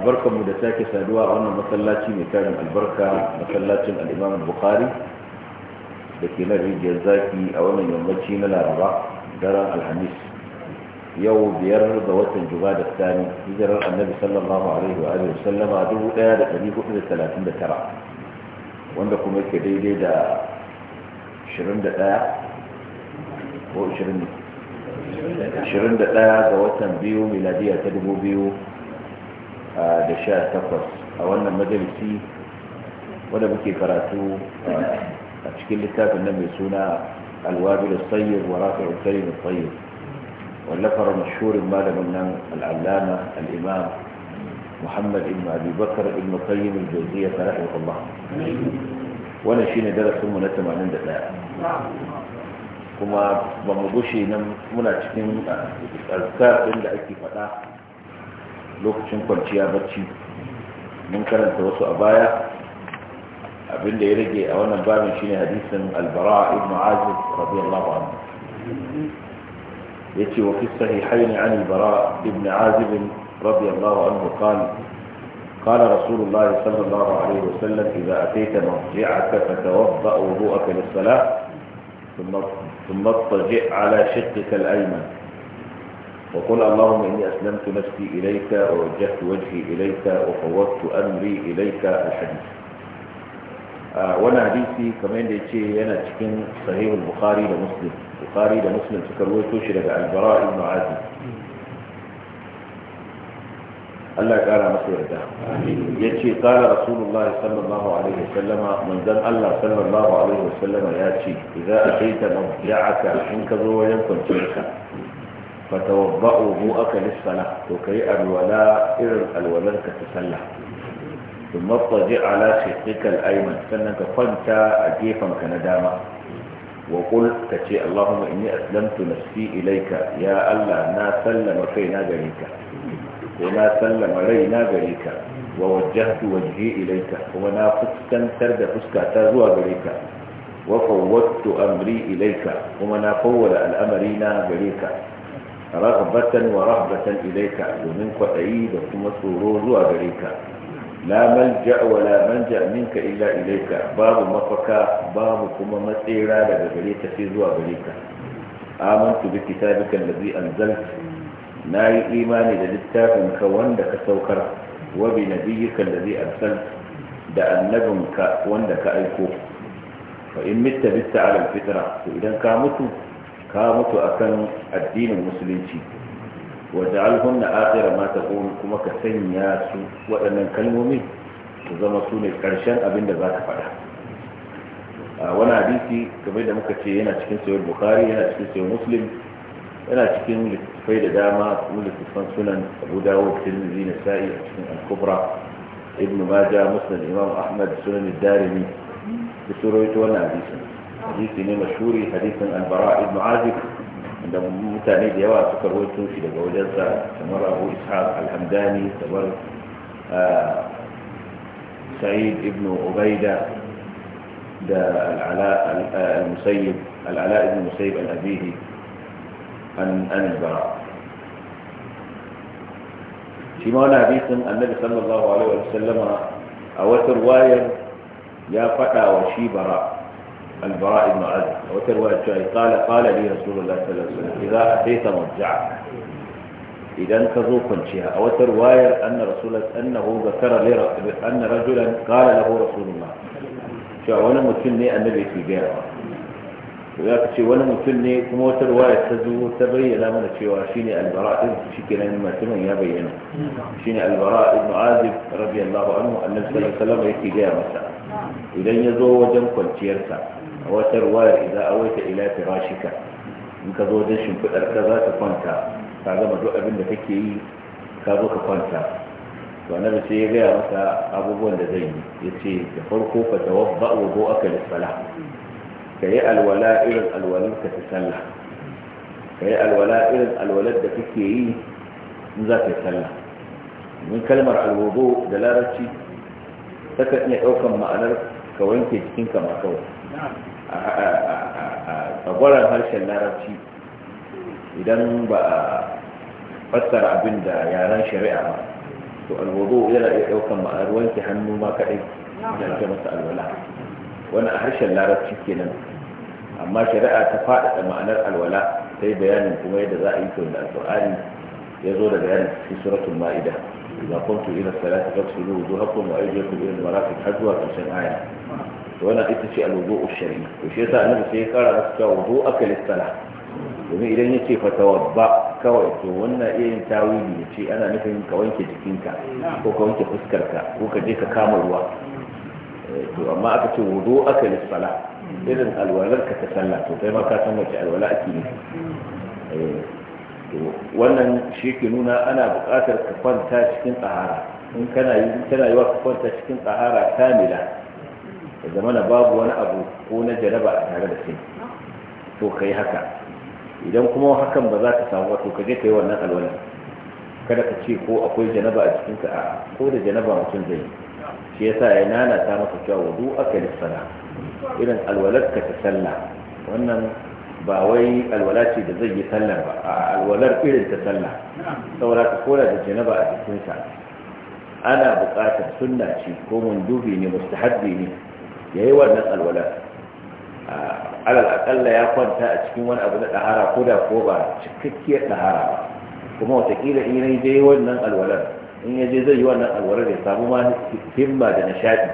barkanmu da sake saduwa a wannan masallaci mai tarin albarka masallacin al'imam bukhari da ke nan rijiyar zaki a wannan yammaci na laraba daren alhamis yau biyar ga watan juba da sani hijirar annabi sallallahu alaihi wa alihi sallama dubu daya da dari hudu da talatin da tara wanda kuma yake daidai da ashirin da daya ko ashirin da daya ga watan biyu miladiya ta dubu biyu da sha takwas a wannan majalisi wadda muke karatu a cikin littafin nan mai suna alwabi da tsayyar wa rafi da da tsayyar wallafar mashurin malamin nan al'allama al'imam muhammad ibn abubakar ibn qayyim al-jawziyya wannan shine darasin mu na 81 kuma ba mu gushe nan muna cikin alkar ɗin da ake faɗa lokacin kwanciya bacci mun karanta wasu a baya abinda ya rage a wannan babin shine hadisin al-bara ibn azib radiyallahu anhu yace wa fi sahihayn an al-bara ibn azib radiyallahu anhu qala قال رسول الله صلى الله عليه وسلم إذا أتيت مرجعك فتوضأ وضوءك للصلاة ثم اضطجع على شقك الأيمن وقل اللهم إني أسلمت نفسي إليك ووجهت وجهي إليك وفوضت أمري إليك الحديث وانا حديثي كمان دي شيء أنا تكين صحيح البخاري لمسلم البخاري لمسلم تكروي توشي لك البراء بن عازم الله قال مسير ده يجي قال رسول الله صلى الله عليه وسلم من ذن الله صلى الله عليه وسلم ياتي إذا أتيت مضجعك إنك ذو يمكن تلك fatawabba'u mu aka lissala to kai alwala irin alwalarka ta sallah sun mafaji ala shekikal aiman sannan ka kwanta a gefen ka na dama wa kul ka ce allahumma inni aslamtu nafsi ilaika ya allah na sallama kai na gare ko na sallama rai na gareka, ka wa wajjahtu wajhi ilaika kuma na fuskantar da fuska ta zuwa gare ka wa amri ilaika kuma na fawwala al'amari na gare raghbatan wa rahbatan ilaika, domin kwaɗayi da kuma tsoro zuwa gare ka la malja wa la manja minka illa ilaika, babu mafaka babu kuma matsera daga gare ka sai zuwa gare ka amantu bi kitabika allazi na yi imani da littafin ka wanda ka saukar wa bi nabiyyika allazi da annabinka wanda ka aiko fa in mitta bitta ala alfitra to idan ka mutu ka mutu kan addinin musulunci waj'alhunna akhira ma taqul kuma ka sanya su waɗannan kalmomi su zama su ne ƙarshen abin da zaka faɗa a wani hadisi kamar da muka ce yana cikin sayyid bukhari yana cikin sayyid muslim yana cikin littattafai da dama kuma littattafan sunan abu dawo tirmidhi zina sa'i a cikin al-kubra ibn majah musnad imam ahmad sunan ad-darimi da surayto wannan hadisin حديث من مشهوري حديث عن البراء بن عازب عندما متاني ديوا سكرويت في دولة سمره إسحاق الحمداني سمر آه، سعيد ابن عبيدة العلاء آه، المسيب العلاء بن المسيب عن عن عن البراء فيما أنا حديث النبي صلى الله عليه وسلم أوت رواية يا فتى وشي براء عن براء بن عازب وتروى الشعري قال قال لي رسول الله صلى الله عليه وسلم إذا أتيت مرجعا إذا انتظوا فانشها وتروى أن رسول الله أنه ذكر لرسول أن رجلا قال له رسول الله شعونا متلني أن نبي في جارة ولكن شيء وانا متلني كما وتروى يتزو تبري لا من الشيء وعشيني البراء شكرا لما تمن يا بينا شيني البراء بن عازب رضي الله عنه أن نبي صلى الله عليه وسلم في جارة إذا يزو وجم a wata ruwayar idan awaita ila firashika in ka zo wajen shimfiɗar ka za ka kwanta ka gama duk abin da kake yi ka zo ka kwanta to annabi sai ya gaya masa abubuwan da zai yi ya ce da farko ka tawabba wa go aka lissala ka yi alwala irin alwalar ka ta sallah ka yi alwala irin alwalar da kake yi in za ka yi sallah domin kalmar alwudu da larabci takan iya ɗaukar ma'anar ka wanke jikinka ma kawai a harshen larabci idan ba a fassara abin da yaren shari'a ba to alwado yana iya ɗaukan ma'ar wanke hannu ma kaɗai da ake masa alwala wani a harshen larabci kenan amma shari'a ta faɗaɗa ma'anar alwala sai bayanin kuma yadda za a yi to da alƙur'ani ya zo da bayanin cikin suratul ma'ida إذا قمتم إلى الصلاة فاغسلوا وجوهكم وأيديكم إلى المرافق حجوا في aya to wannan ita ce alwudu shar'i to shi yasa annabi sai ya kara masa cewa wudu aka lissala domin idan ya ce fatawabba kawai to wannan iya yin tawili ya ce ana nufin ka wanke jikinka ko ka wanke fuskarka ko ka je ka kama ruwa eh, to amma aka ce wudu aka lissala irin alwalar ka ta sallah to kai ma ka san wace alwala ake yi eh, to wannan shi ke nuna ana buƙatar ka kwanta cikin tsahara in kana yi kana yi wa ka kwanta cikin tsahara kamila ya zama babu wani abu ko na jaraba a tare da kai to ka yi haka idan kuma hakan ba za ka samu wato ka je ka yi wannan alwala kada ka ce ko akwai janaba a cikinka a ko da janaba mutum zai shi yasa ya nana ta maka cewa wudu aka lissala irin alwalar ka ta sallah wannan ba wai alwala ce da zai yi sallar ba a alwalar irin ta sallah saboda ka kora da janaba a jikinsa. ana buƙatar sunna ce ko mundubi ne mustahabbi ne ya yi wannan alwala alal akalla ya kwanta a cikin wani abu na ɗahara ko da ko ba cikakkiyar ɗahara ba kuma watakila in ya je wannan alwalar in ya je zai yi wannan alwalar ya samu ma himma da nishaɗi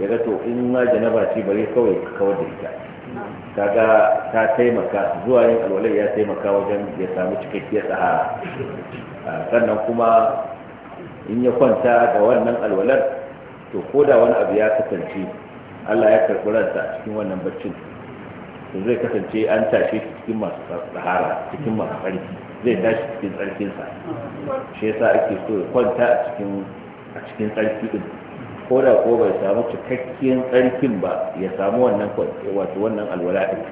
ya ga to in ma janaba ce bare kawai ka kawar da ita kaga ta taimaka zuwa yin alwala ya taimaka wajen ya samu cikakkiyar ɗahara sannan kuma in ya kwanta da wannan alwalar to ko da wani abu ya kasance Allah ya karɓi ransa a cikin wannan baccin to zai kasance an tashe cikin masu tsahara cikin masu tsarki zai tashi cikin tsarkinsa shi yasa ake so ya kwanta a cikin a cikin tsarki din ko da ko bai samu cikakken tsarkin ba ya samu wannan wato wannan alwala din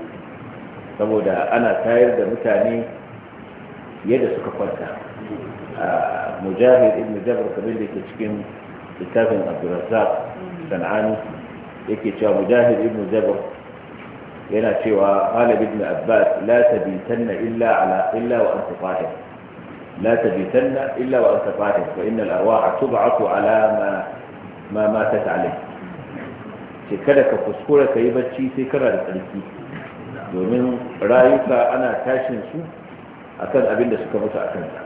saboda ana tayar da mutane yadda suka kwanta mujahid ibn jabr kamar da ke cikin littafin abdurrazzaq sana'anu yake cewa mujahid ibn jabr yana cewa qalib ibn abbas la tabitanna illa ala illa wa anta qahir la tabitanna illa wa anta qahir fa innal arwaha tub'atu ala ma ma matat alayhi ce kada ka kuskura ka yi bacci sai kana da tsarki domin rayuka ana tashin su akan abin da suka mutu akan ta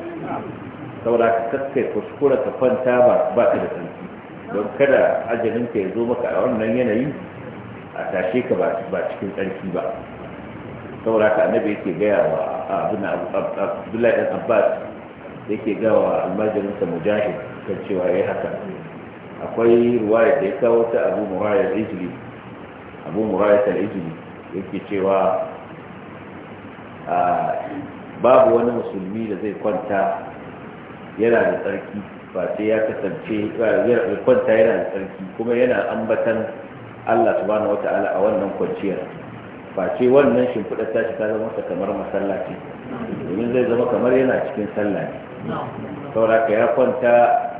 saboda ka kaskai kuskura ka kwanta ba ka da tsarki don kada ajalin ka ya zo maka a wannan yanayi a tashe ka ba cikin tsarki ba saboda ka annabi yake gaya wa abin abdullahi dan abbas yake gaya wa ta mujahid kan cewa ya haka akwai ruwaya da ya kawo ta abu da ijili abu muraya al ijili yake cewa ah, babu wani musulmi da zai kwanta yana da tsarki ba sai ya kasance ya kwanta yana da tsarki kuma yana ambatan Allah subhanahu wata'ala a wannan kwanciyar face wannan shimfiɗar tashi ta zama ta kamar masallaci domin zai zama kamar yana cikin sallah ne ya kwanta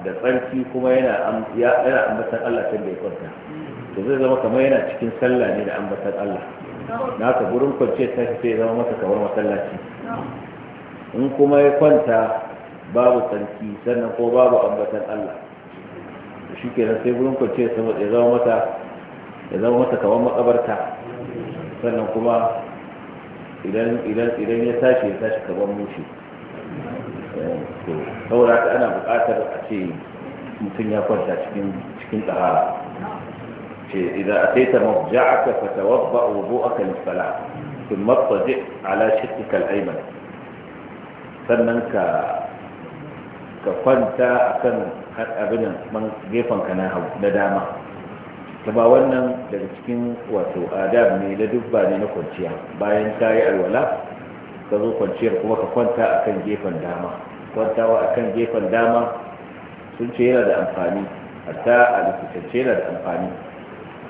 da tsarki kuma yana ambatan Allah ta da ya kwanta to zai zama kamar yana cikin sallah ne da ambatan Allah na ka gurin kwanciyar tashi sai zama masa kamar masallaci in kuma ya kwanta babu tsarki sannan ko babu ambatan Allah shi ke nan sai gurin kwance ya zama mata ya zama mata kamar makabarta sannan kuma idan idan ya tashi ya tashi kamar mushi to saboda haka ana bukatar a ce mutum ya kwanta cikin tsahara ce idan a taita mafja'aka fatawabba wudu'aka lis-salah ثم اضطجع على شقك الأيمن sannan ka ka kwanta akan abin man gefen ka na hau na dama ba wannan daga cikin wato adab ne na dubba ne na kwanciya bayan ta yi alwala ka zo kwanciyar kuma ka kwanta a kan gefen dama kwantawa a kan gefen dama sun ce yana da amfani hatta a likitance yana da amfani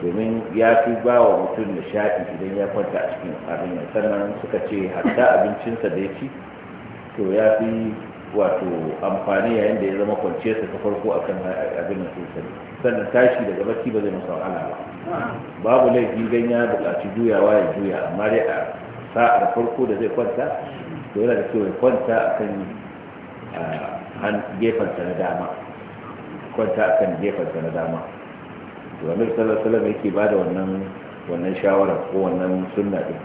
domin ya fi ba wa mutum nishaɗi idan ya kwanta a cikin abin sannan suka ce hatta abincinsa da ya ci to ya fi wato amfani yayin da ya zama kwanciyar ta farko akan abin da sani sannan tashi daga bacci ba zai masa wahala ba babu laifi dan ya buƙaci juyawa ya juya amma dai a sa'ar farko da zai kwanta to yana da cewa ya kwanta akan gefensa na dama kwanta akan gefensa na dama to amir sallar yake bada wannan wannan shawara ko wannan sunna din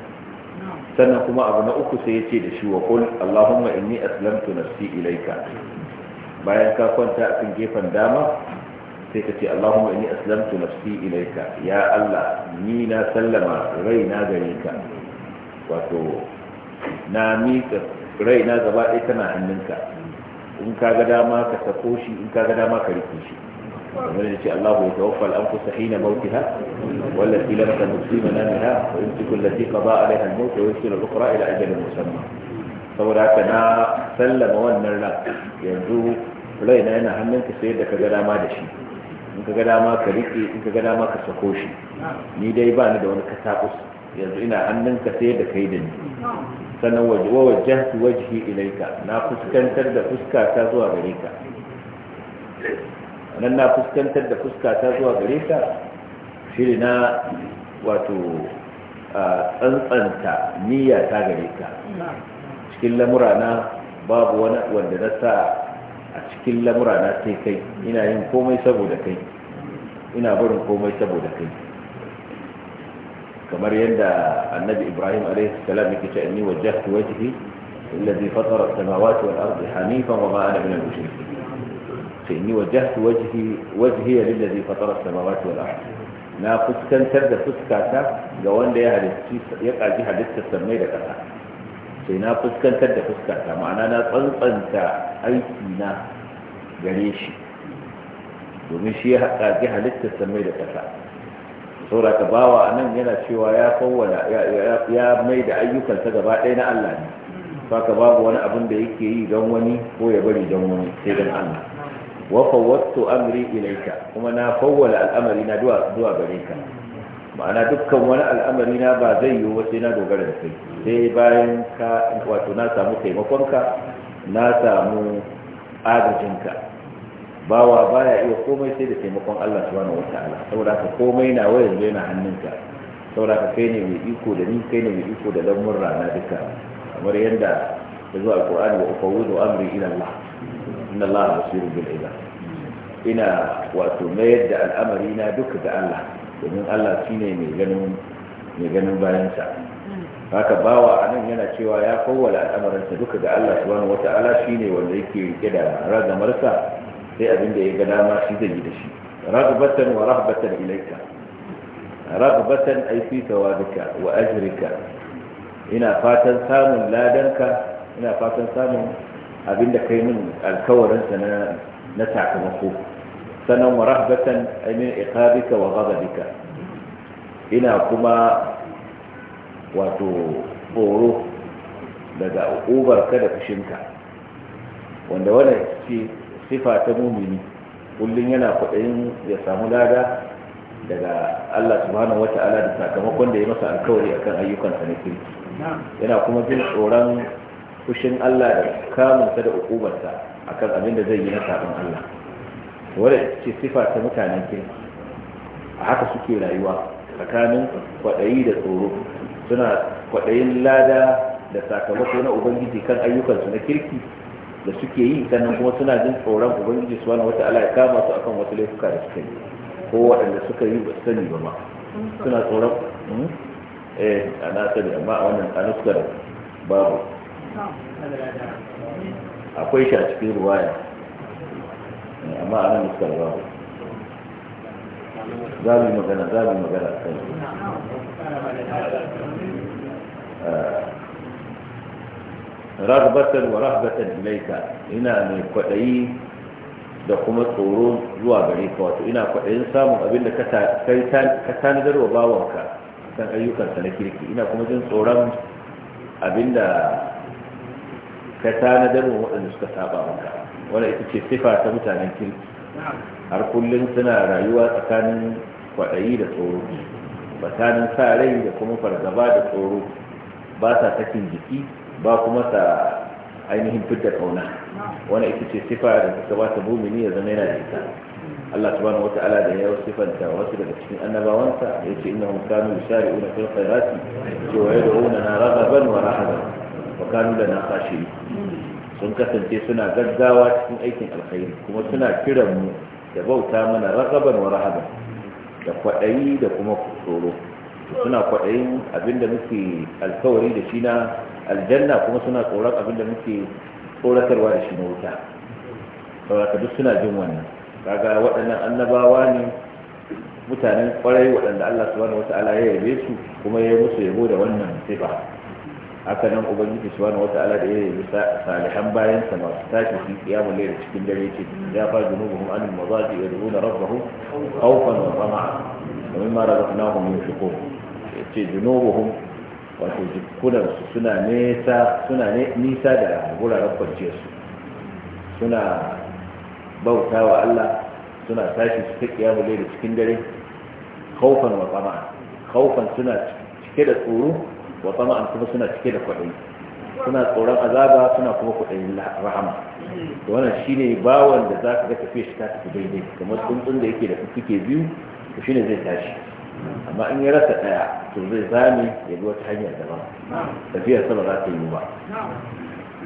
sannan kuma abu na uku sai ya ce da shi wa qul allahumma inni aslamtu nafsi ilaika bayan ka kwanta a kan gefen dama sai ka ce allahumma inni aslamtu nafsi ilaika ya allah ni na sallama raina gare ka wato na miƙa raina gaba ɗaya tana hannunka in ka ga dama ka sako shi in ka ga dama ka rike shi ce ومن يشاء الله يتوفى الأنفس حين موتها والتي لم تمت في منامها ويمسك التي قضى عليها الموت ويرسل الأخرى إلى أجل مسمى saboda haka na sallama wannan ran yanzu na yana hannunka sai da ka ga dama da shi in ka ga dama ka rike in ka ga dama ka sako shi ni dai ba ni da wani katabus yanzu ina hannunka sai da kai da ni sannan wajjahtu wajihi ilaika na fuskantar da fuska ta zuwa gare ka nan na fuskantar da fuska ta zuwa gare ta shiri na wato tsantsanta niyya ta gare ta cikin lamura na babu wani wanda na sa a cikin lamura na sai kai ina yin komai saboda kai ina barin komai saboda kai kamar yadda annabi ibrahim a.s. salam yake cewa inni wajjahtu wajhi الذي فطر السماوات والأرض حنيفا وما أنا من المشركين فإني وجهت وجهي وجهي للذي فطر السماوات والأرض na fuskantar da fuskata ga wanda ya kaji halittar sammai da ƙasa sai na fuskantar da fuskata ma'ana na tsantsanta aiki na gare shi domin shi ya kaji halittar sammai da ƙasa saboda ka bawa a nan yana cewa ya ya mai da ayyukansa gaba ɗaya na Allah ne saka babu wani abin da yake yi don wani ko ya bari don wani sai don Allah wa fawwattu amri ilayka kuma na fawwala al'amari na zuwa zuwa gare ka ma'ana dukkan wani al'amari na ba zai yiwu sai na dogara da kai sai bayan ka wato na samu ka na samu ka bawa baya iya komai sai da taimakon Allah subhanahu wataala saboda ka komai na wayar yana ka saboda ka kai ne mai iko da ni kai ne mai iko da lamurra na duka kamar yadda ya zuwa alqur'ani wa ufawwidu amri ila Allah inna Allah basirun bil ibad ina wato mayar da al'amari na duka ga Allah domin Allah shine mai ganin bayansa haka bawa anan yana cewa ya kowwala al'amarinsa duka ga Allah subhanahu wata'ala shine wanda yake rike da ragamarsa sai abin da ya ga dama shi zai yi da shi ragbatan wa rahbatan ilaika ragbatan ay fi ina fatan samun ladanka ina fatan samun Abin da kai min alkawarinsa na na sakamako sannan wa rahbatan min iqabika wa ghadabika ina kuma wato boro daga ubar ka da fushinka wanda wannan ce sifa ta mumini kullum yana kudin ya samu lada daga Allah subhanahu wata'ala da sakamakon da ya masa alkawari akan ayyukansa na kiri yana kuma jin tsoron fushin Allah da kamunsa da hukumarsa kan abin da zai yi na sabon Allah wadda ce sifa ta mutanen kirki a haka suke rayuwa tsakanin kwaɗayi da tsoro suna kwaɗayin lada da sakamako na ubangiji kan ayyukansu na kirki da suke yi sannan kuma suna jin tsoron ubangiji su wani wata ala ya kama su akan wasu laifuka da suka yi ko waɗanda suka yi ba sani ba ma suna tsoron hmm? eh ana sani amma a wannan tsanuskar babu akwai shi a cikin ruwaya amma ana da babu za magana za magana a kan eh, ragbatan wa rahbatan ilaika ina mai kwaɗayi da kuma tsoro zuwa gare ka wato ina kwaɗayin samun abin da ka tanadar wa bawanka kan ayyukansa na kirki ina kuma jin tsoron abin da ka tanadar wa waɗanda suka saba maka wanda ita ce sifa ta mutanen kirki har kullum suna rayuwa tsakanin kwaɗayi da tsoro tsakanin sa rai da kuma fargaba da tsoro ba sa sakin jiki ba kuma sa ainihin fidda kauna wanda ita ce sifa da ta gabata bumini ya zama yana da ita Allah subhanahu wata'ala da ya sifanta wasu daga cikin annabawansa ya ce inna hum kanu yusari'una fil khairati wa yad'una na raghaban wa rahaban wa kanu na khashi'in sun kasance suna gaggawa cikin aikin alkhairi kuma suna kiran mu da bauta mana ragaban wa rahaban da kwaɗayi da kuma tsoro suna kwaɗayin abinda muke alkawari da shi na aljanna kuma suna tsoron abinda muke tsoratarwa da shi na wuta sauraka duk suna jin wannan kaga waɗannan annabawa ne mutanen kwarai waɗanda Allah subhanahu wata'ala ya yabe su kuma ya musu yabo da wannan sifa haka nan ubangiji wata ala da ya musa salihan bayan sa masu tashi su kiyamu da cikin dare ce ya fa junubuhum anil mazaji yad'una rabbahum khawfan wa tama'a wa mimma razaqnahum yunfiqun yace junubuhum wato jikunan su suna nesa suna nisa da guraren kwanciyar su suna bauta wa Allah suna tashi su ta kiyamu da cikin dare khawfan wa tama'a khawfan suna cike da tsoro wa tama'an kuma suna cike da kwaɗayi suna tsoron azaba suna kuma kwaɗayin rahama da wannan shine bawan da za ka ga tafiya shi ta tafi daidai kamar tsuntsun da yake da fuke biyu to shine zai tashi amma in ya rasa ɗaya to zai zame ya bi wata hanyar daban tafiyar sama za ta yi ba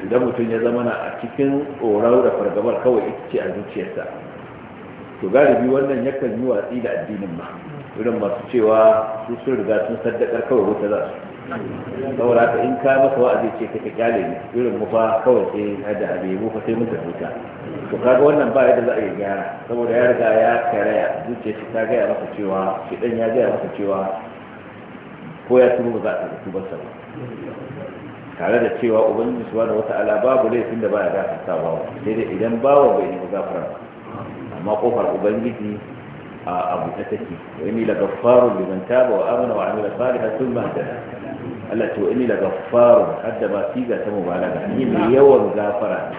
idan mutum ya zama na a cikin tsoron da fargabar kawai ita ce a zuciyarsa to galibi wannan yakan yi watsi da addinin ma irin masu cewa su sun riga sun saddakar kawai wata za su saboda haka in ka masa wa'azi ce ka ka kyale ni irin mu fa kawai sai hada abi mu fa sai mun tafuta to kaga wannan ba yadda za a yi gyara saboda ya riga ya karaya zuciya shi ta gaya masa cewa shi dan ya gaya masa cewa ko ya tuba ba za a tuba sa ba tare da cewa ubangiji subhanahu wata'ala babu laifin da ba ya gafarta bawa sai dai idan bawa bai nemi gafara ba amma kofar ubangiji a abu ta take wani inni liman taba wa amana wa amila salihan thumma ihtada Allah ce wa daga faru gaffaru hadda ba ga ta mubalaga ni mai yawan gafara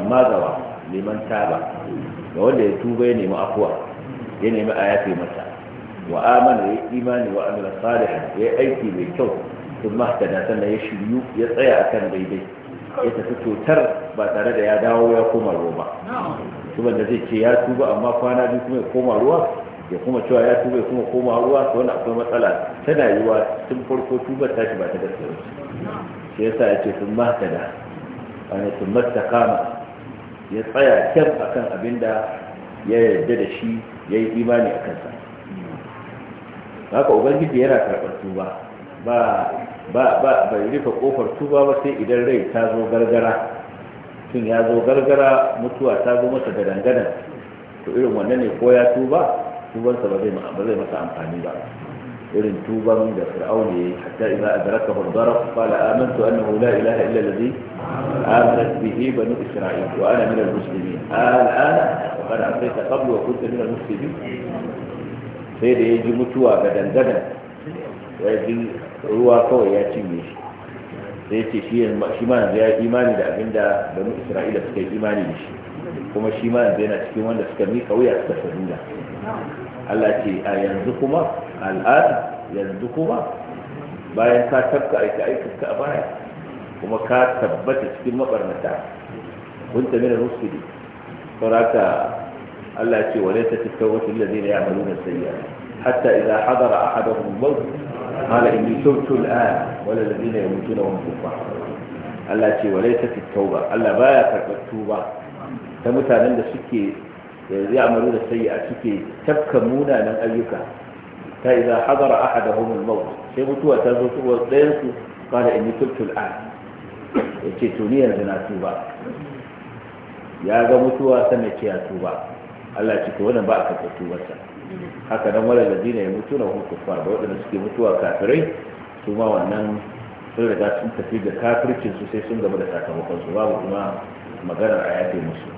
amma gawa neman taba ga wanda ya tuba ya nemi afuwa ya nemi a fi masa wa amana ya imani wa amina salihan ya aiki mai kyau sun mahtada sannan ya shiryu ya tsaya akan daidai ya tafi cutar ba tare da ya dawo ya koma ruwa ba da zai ce ya tuba amma kwana biyu kuma ya koma ruwa ya kuma cewa ya tuba ya kuma koma ruwa to wannan akwai matsala tana yiwa tun farko tuba ta shi ba ta gaske ba shi yasa ya ce sun da ana sun kama ya tsaya kyan akan abin da ya yarda da shi ya yi imani a kansa haka ubangiji yana karɓar tuba ba ba bai rufe kofar tuba ba sai idan rai ta zo gargara tun ya zo gargara mutuwa ta zo masa da dangana to irin wannan ne ko ya tuba tubarsa ba zai masa amfani ba irin tuban da fir'auni ya yi hatta idza adraka darab qala amantu annahu la ilaha illa alladhi amanat bihi banu isra'il wa ana min al-muslimin al'ana wa qad atayta qabl wa kunta min al-muslimin sai da yaji mutuwa ga dangana ya ruwa kawai ya cinye shi sai ya ce shi ma yanzu ya yi imani da abin da banu isra'ila suka yi imani da shi kuma shi ma yanzu yana cikin wanda suka mi kauya suka saduda Allah ce a yanzu kuma al'ada yanzu kuma bayan ka tabka aiki aikinka a baya kuma ka tabbata cikin mabarnata kunta da rusuli sauraka Allah ce ta wa laysa tawbatu lil ladina ya'maluna sayyi'at hatta idha hadara ahaduhum al-maut قال إني تبت الآن ولا الذين يموتون وهم كفار Allah ce wa laita fi Allah baya karɓar tuba ta mutanen da suke yanzu ya amaru da sai a suke tafka munanan ayyuka ta idan hadara ahadahum al-maut sai mutuwa ta zo tuwa ɗayan su qala inni tubtu al yace to ni yanzu na tuba ya ga mutuwa Allah ce ba a karɓar tubarsa haka nan wala lazina ya mutu na hukun kufar da waɗanda suke mutuwa kafirai su ma wannan sun riga sun tafi da kafircin su sai sun gaba da sakamakon su babu kuma maganar a yafe musu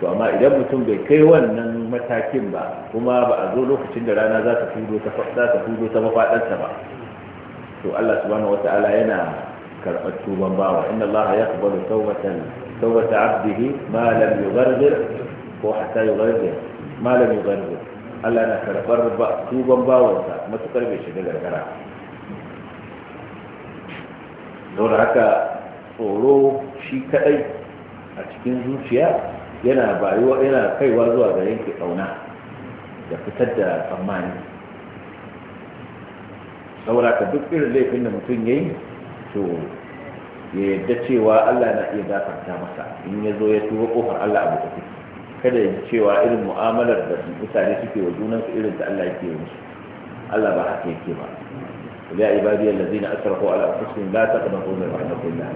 to amma idan mutum bai kai wannan matakin ba kuma ba a zo lokacin da rana za ta fudo ta za ta fudo ta ba to Allah subhanahu wataala yana karɓar tuban bawa inna Allah yaqbalu tawbatan tawbata 'abdihi ma lam yughadir ko hatta yughadir malami barbu Allah na karɓar tuban bawansa matukar bai shiga gargara don haka tsoro shi kaɗai a cikin zuciya yana bayuwa yana kaiwa zuwa ga yanke kauna da fitar da tsammani saboda ka duk irin laifin da mutum ya yi to ya yadda cewa Allah na iya gafarta masa in ya zo ya tuba ƙofar Allah abu da kada ya cewa irin mu'amalar da mutane suke wa junansu irin da Allah yake musu Allah ba haka yake ba ya ibadi allazina asrafu ala anfusihim la taqnatu min rahmatillah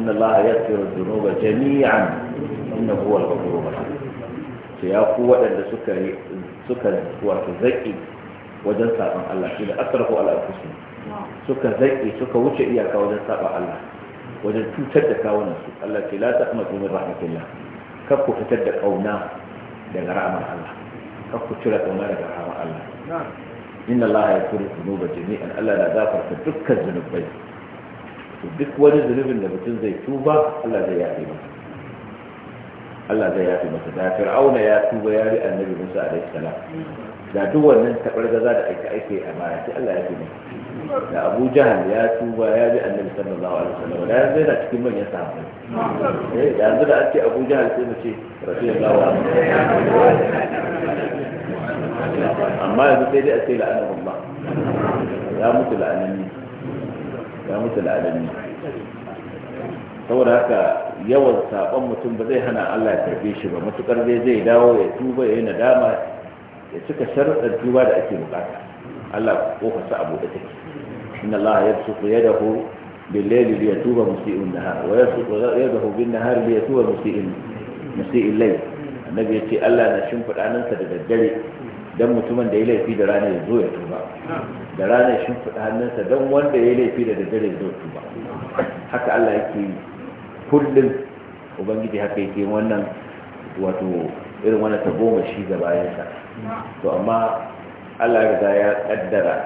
inna Allah yaghfiru dhunuba jami'an innahu huwal ghafurur rahim sai ya ku waɗanda suka suka wato zaki wajen saban Allah shi da asrafu ala anfusihim suka zaki suka wuce iyaka wajen saban Allah wajen cutar da kawunan su Allah ce la taqnatu min rahmatillah kar ku fitar da kauna daga rahmar Allah kar ku cire kauna daga rahmar Allah inna Allah ya kuru zunuba jami'an Allah na gafarta dukkan zunubai to duk wani zunubin da mutum zai tuba Allah zai yafe masa Allah zai yafe masa da Fir'auna ya tuba ya bi Annabi Musa alaihi salam da duk wannan tabargaza da ake aike a baya sai Allah ya yafe masa da abu jahal ya tuba ya bi annabi sallallahu alaihi wasallam da yanzu yana cikin manyan sahabbai eh yanzu da ake ce abu jahal sai mace ce radiyallahu anhu amma yanzu sai dai a ce la'anar Allah ya mutu la'ananni ya mutu la'ananni saboda haka yawan saɓon mutum ba zai hana Allah ya karbe shi ba matukar zai zai dawo ya tuba ya yi nadama ya cika sharuɗar tuba da ake bukata Allah ko fasa abu da take إن الله يبسط يده بالليل ليتوب مسيء النهار ويبسط يده بالنهار ليتوب مسيء مسيء الليل النبي يقول الله نشنفر أنا سدددري dan mutumin da ya laifi da rana ya zo ya tuba da rana ya shimfiɗa hannunsa don wanda ya laifi da daddare ya zo tuba haka Allah yake kullum ubangiji haka yake wannan wato irin wannan ta goma shi ga bayansa to amma Allah ya ya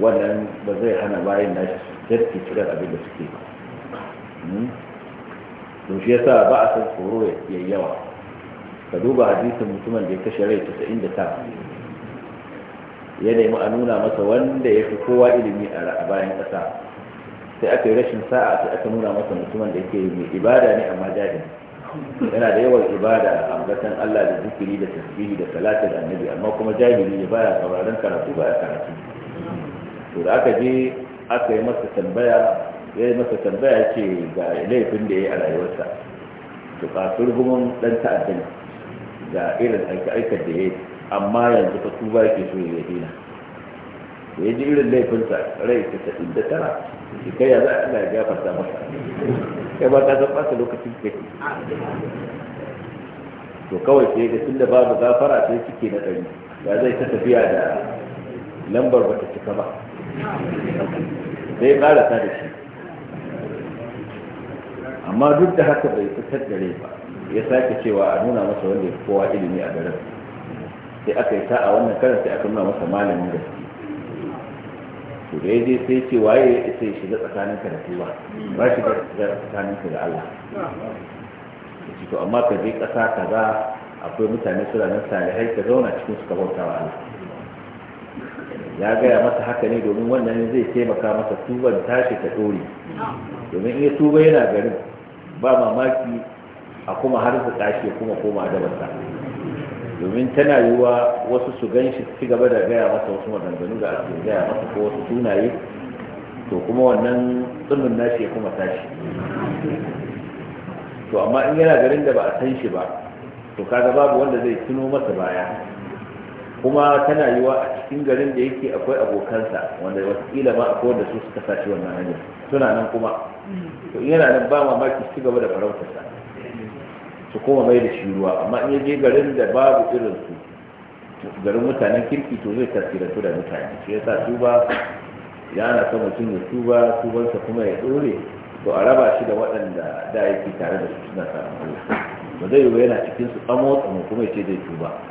wannan ba zai hana bayan nashi su cikin abin da suke ba hmm? to shi yasa ba a san tsoro ya yawa ka duba hadisin mutumin da ya kashe rai tasa'in da ta ya nemi a nuna masa wanda ya fi kowa ilimi a bayan ƙasa sai aka yi rashin sa'a sai aka nuna masa mutumin da yake mai ibada ne amma jahili yana da yawan ibada a ambatan Allah da zikiri da tasbihi da da annabi amma kuma jahili ne baya sauraron karatu baya karatu to da aka je aka yi masa tambaya ya yi masa tambaya ce ga laifin da ya yi a rayuwarsa to kafin turgumin dan ta'addan ga irin aika-aikar da ya yi amma yanzu ka tuba yake so ya dina da ya ji irin laifinsa rai ta taɗin da tara shi kai ya za a ana gafarta masa kai ba ka san ta lokacin kai to kawai sai da tun da babu gafara sai suke na ɗari Ba zai ta tafiya da lambar bata cika ba sai karasa da shi amma duk da haka bai fitar da rai ba ya sake cewa a nuna masa wanda ya kowa ilimi a garin sai aka yi ta'a wannan karan sai aka nuna masa malamin gaske to da yaje sai ce waye ya isa ya shiga ka da kowa ba shi da tsakaninka da Allah ce to amma ka je ƙasa kaza akwai mutane da nan da ka zauna cikin su ka wa Allah ya gaya masa haka ne domin wannan zai taimaka masa tuban tashi ta dore domin iya tuba yana garin ba mamaki a kuma har su tashi kuma koma adabarsa domin tana yiwuwa wasu su gan shi ci gaba da gaya masa wasu maganganu da ake gaya masa ko wasu sunaye to kuma wannan tsumin nashi ya kuma tashi to amma in yana garin da ba a san shi ba to kaga babu wanda zai tuno masa baya kuma tana yi wa a cikin garin da yake akwai abokansa wanda watakila ma akwai wanda su suka sace wannan hanyar suna nan kuma to yana nan ba mamaki su gaba da farautarsa su koma mai da shi ruwa amma in je garin da babu irin su garin mutanen kirki to zai tasira da mutane shi yasa su ba idan ana son mutum ya tuba tubansa kuma ya dore to a raba shi da waɗanda da yake tare da su suna samun ba zai yiwu yana cikin su tsamo tsamo kuma ya ce zai tuba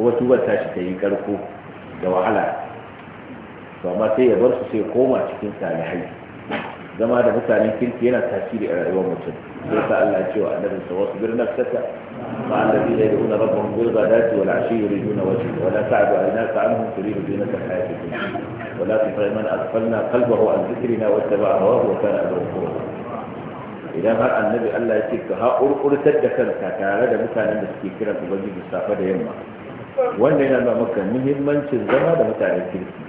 kuma tubar tashi ta yi karko da wahala to amma sai ya bar su sai koma cikin salihai zama da mutanen kirki yana tasiri a rayuwar mutum sai sa Allah cewa annabi sa wasu birnin saka ma allazi la wala rabbahum bil ghadati wal ashi yuriduna wajhi wa la ta'du aynaka anhum turidu zinata hayati dunya wa la tuṭi' man aghfalna qalbahu an dhikrina wattaba'a a wa kana amruhu furata idan har annabi Allah ya ce ka ha urkurtar da kanka tare da mutanen da suke kiran ubangiji safa da yamma wanda yana nuna maka muhimmancin zama da mutanen kirki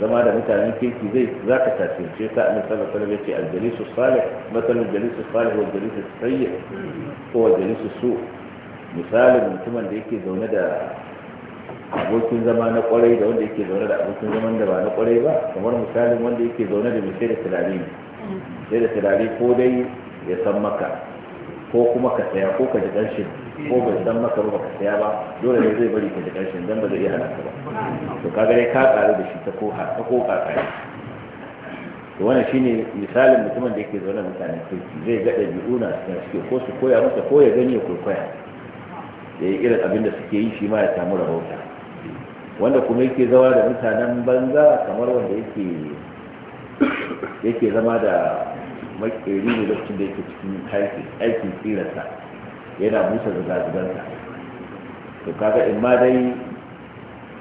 zama da mutanen kirki zai za ka tasirce ta annabi sallallahu alaihi wasallam yace al-jalisu salih matalul jalisu salih wal jalisu sayyi ko wal jalisu su misalin mutumin da yake zaune da abokin zama na kwarai da wanda yake zaune da abokin zama da ba na kwarai ba kamar misalin wanda yake zaune da mai da turare sai da turare ko dai ya san maka ko kuma ka saya ko ka ji ƙarshen ko bai san maka ba ka saya ba dole ne zai bari ka da karshen dan ba zai iya halaka ba to kaga dai ka karu da shi ta ko ta ko ka karu to wannan shine misalin mutumin da yake zaune mutane kirki zai ga biuna na suke ko su koya masa ko ya gani ya koya da ya irin abin da suke yi shi ma ya samu rahota wanda kuma yake zawa da mutanen banza kamar wanda yake yake zama da makeri ne lokacin da yake cikin aikin tsirarsa yana busa zagazigarsa to kaga in ma dai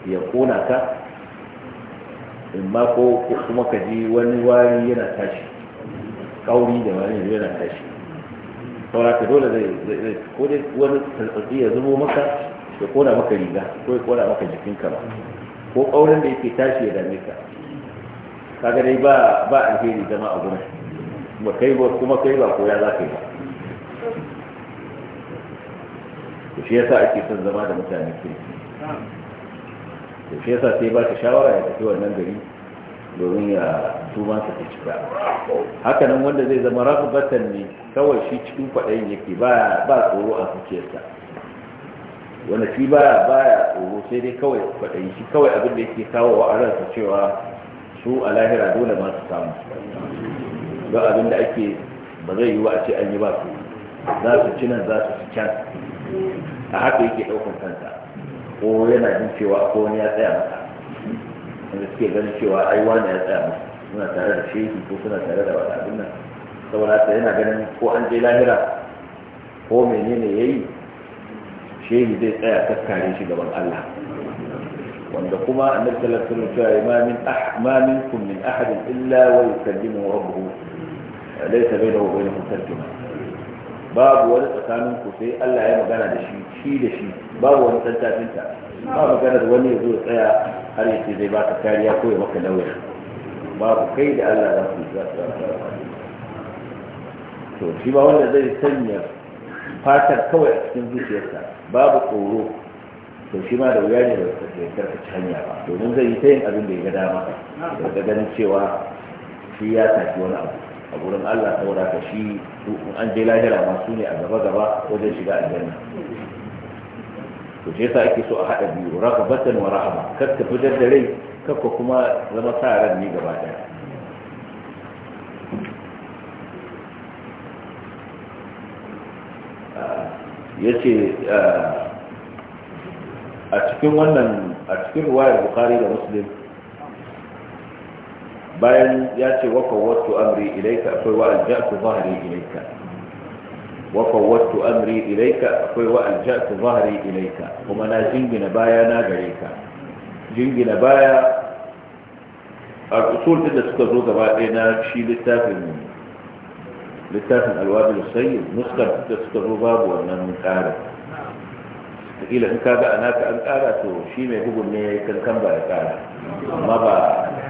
ya kona ka in ma ko kuma ka ji wani wari yana tashi kauri da wani yana tashi saura ka dole zai ko dai wani tsantsatsi ya zubo maka ya kona maka riga ko ya kona maka jikinka ba ko kaurin da yake tashi ya dame ka kaga dai ba ba alheri zama a gurin kuma kai ba kuma kai ba koya za ka yi ba to shi yasa ake son zama da mutane kirki to shi yasa sai ba ka shawara ya tafi wannan gari domin ya tuma su ta cika haka nan wanda zai zama rafubatan ne kawai shi cikin kwaɗayin yake ba tsoro a zuciyarsa wanda shi ba baya tsoro sai dai kawai kwaɗayi shi kawai abin da yake kawo wa ransa cewa su a lahira dole ma su samu don abin da ake ba zai yi wa a ce an yi ba su za su ci nan za su ci can a haka yake ɗaukan kansa ko yana jin cewa ko wani ya tsaya maka? wanda suke ganin cewa ai wani ya tsaya maka. suna tare da shehi ko suna tare da wani abin nan saboda haka yana ganin ko an je lahira ko menene ya yi shehi zai tsaya kaskare shi gaban Allah wanda kuma a sallallahu alaihi wasallam cewa ma min ah, ma minkum min ahadin illa wa yukallimu rabbuhu laysa bainahu wa bainahu tarjuma babu wani tsakanin ku sai Allah ya magana da shi shi da shi babu wani tantafinta ba magana da wani ya zo tsaya har ya zai baka kariya ko ya maka lauya babu kai da Allah za ku za to shi ba wanda zai sanya fatar kawai a cikin zuciyarsa babu tsoro to shi ma da wuya ne da ya karkaci hanya ba domin zai yi ta yin abin da ya ga dama daga ganin cewa shi ya tafi wani abu a gurin Allah ta ka shi in an je lahira ma su ne a gaba gaba wajen shiga aljanna to shi yasa ake so a haɗa biyu ragabatan wa rahama kar ka fitar da rai kar ka kuma zama sa ran ne gaba Ya ce a cikin wannan a cikin ruwayar bukhari da muslim bayan ya ce wa fawwattu amri ilayka akwai wa alja'tu zahri ilayka wa fawwattu amri ilayka akwai wa alja'tu zahri ilayka kuma na jingina baya na gare ka jingina baya a usul da suka zo gaba ɗaya na shi littafin littafin alwabil sayyid nuskar da suka zo babu wannan ƙara. ila in kaga anaka an ƙara to shi mai bugun ne ya kankan ba ya ƙara amma ba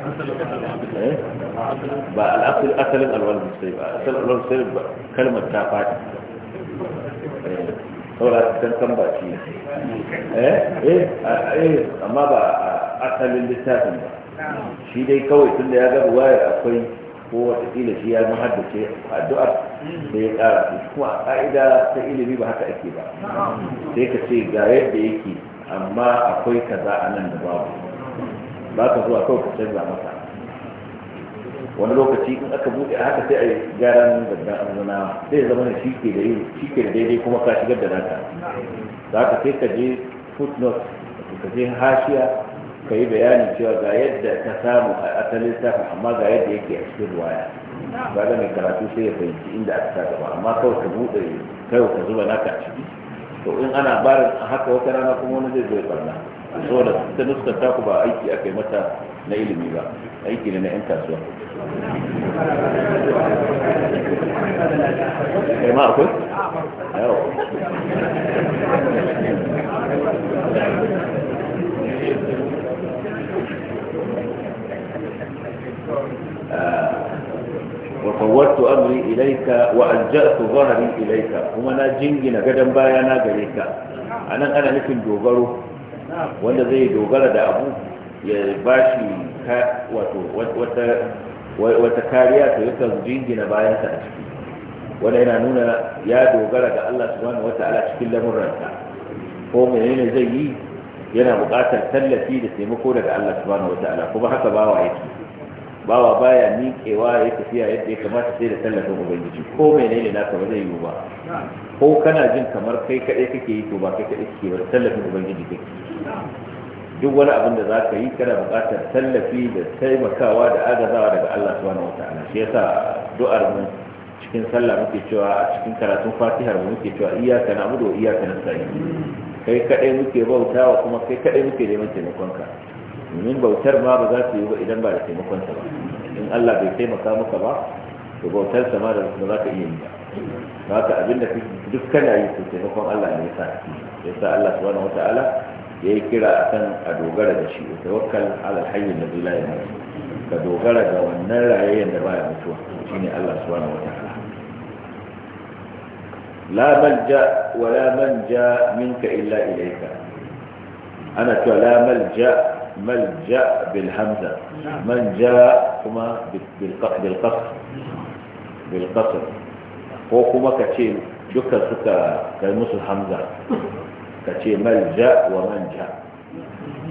Eh? ba al'asir asalin alwal musai ba asalin alwal sai ba kalmar ta faɗi eh, saura kan kan baki eh eh, eh amma ba a asalin littafin ba shi dai kawai tun da ya ga ruwayar akwai ko watakila shi ya mahaddace addu'ar da ya ƙara kuma a ƙa'ida ta ilimi ba haka ake ba sai ka ce ga yadda yake amma akwai kaza a nan da babu ba ka zuwa kawai ka canza masa wani lokaci in aka buɗe haka sai a yi gyaran gaggan amzana zai zama shi ke da yin shike da daidai kuma ka shigar da naka za ka sai ka je footnote ka je hashiya ka yi bayanin cewa ga yadda ka samu a asalin safin amma ga yadda yake a cikin ruwaya ba da mai karatu sai ya fahimci inda aka sa gaba amma kawai ka buɗe kawai ka zuba naka a ciki to in ana barin haka wata rana kuma wani zai zo ya barna so da ta nuskanta ku ba aiki a kai mata na ilimi ba aiki ne na 'yan kasuwa وفوضت أمري إليك وألجأت ظهري إليك وما لا جنجي نقدم بايا ناقريك أنا أنا نفن دوغرو wanda zai dogara da abu ya bashi wata kariya ta yakan jingina bayansa a ciki wanda yana nuna ya dogara da Allah subhanahu wata'ala cikin lamurransa ko menene zai yi yana buƙatar tallafi da taimako daga Allah subhanahu wata'ala kuma haka bawa yake bawa baya miƙewa ya tafiya yadda ya kamata sai da tallafin ubangiji ko menene na ba zai yiwu ba ko kana jin kamar kai kaɗai kake yi to ba kai kaɗai kake ba tallafin ubangiji kake duk wani abin da za ka yi kana buƙatar tallafi da taimakawa da agazawa daga Allah subhanahu wata'ala shi yasa du'ar mu cikin sallah muke cewa a cikin karatun fatihar mu muke cewa iyyaka na'budu wa iyyaka nasta'in kai kaɗai muke bautawa kuma kai kaɗai muke neman taimakon ka domin bautar ma ba za su yi ba idan ba da taimakonsa ba in Allah bai taimaka maka ba to bautar sa ma da ba za ka iya yi ba ka abin da duk kana yi to taimakon Allah ne yasa sa Allah subhanahu wataala ya yi kira akan a dogara da shi tawakkal ala hayyin da la yamut ka dogara da wannan rayayyen da baya mutuwa shine Allah subhanahu wataala la malja wala manja minka illa ilayka ana cewa la malja ملجأ بالهمزة من جاء كما بالقصر بالقصر هو كما كتير دكا سكا كلمس الحمزة كتير ملجأ ومن جاء